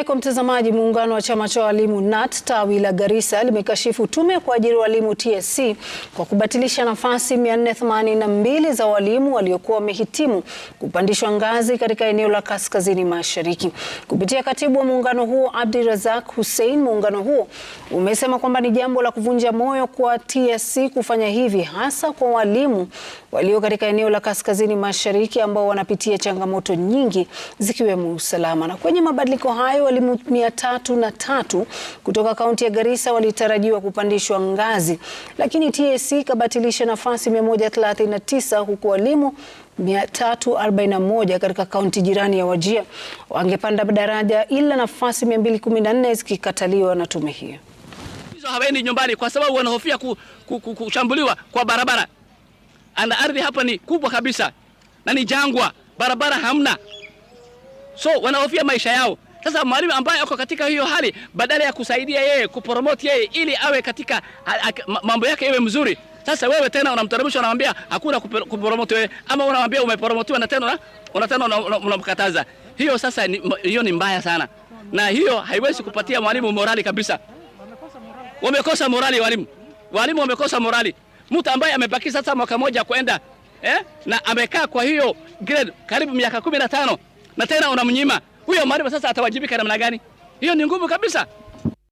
Kwingineko mtazamaji, muungano wa chama cha walimu KNUT tawi la Garissa limekashifu tume ya kuajiri walimu TSC kwa kubatilisha nafasi 482 za walimu waliokuwa wamehitimu kupandishwa ngazi katika eneo la kaskazini mashariki. Kupitia katibu wa muungano huo abdi razak Hussein, muungano huo umesema kwamba ni jambo la kuvunja moyo kwa TSC kufanya hivi, hasa kwa walimu walio katika eneo la kaskazini mashariki ambao wanapitia changamoto nyingi zikiwemo usalama na kwenye mabadiliko hayo walimu mia tatu na tatu kutoka kaunti ya Garissa walitarajiwa kupandishwa ngazi, lakini TSC ikabatilisha nafasi 139 huku walimu 341 katika kaunti jirani ya Wajir wangepanda daraja ila nafasi 214 zikikataliwa na tume hiyo. Hawaendi nyumbani kwa sababu wanahofia kushambuliwa kwa barabara. Ana ardhi hapa ni kubwa kabisa na ni jangwa, barabara hamna, so wanahofia maisha yao. Sasa mwalimu ambaye ako katika hiyo hali, badala ya kusaidia yeye kupromote yeye ili awe katika mambo yake iwe mzuri, sasa wewe tena unamteremsha, unamwambia hakuna kupromote wewe, ama unamwambia umepromotiwa na tena una tena unamkataza. Hiyo sasa ni, hiyo ni mbaya sana, na hiyo haiwezi kupatia mwalimu morali kabisa. Wamekosa morali walimu, walimu wamekosa morali. Mtu ambaye amebaki sasa mwaka moja kwenda eh, na amekaa kwa hiyo grade karibu miaka kumi na tano na tena unamnyima huyo mwalimu sasa atawajibika namna gani? Hiyo ni ngumu kabisa.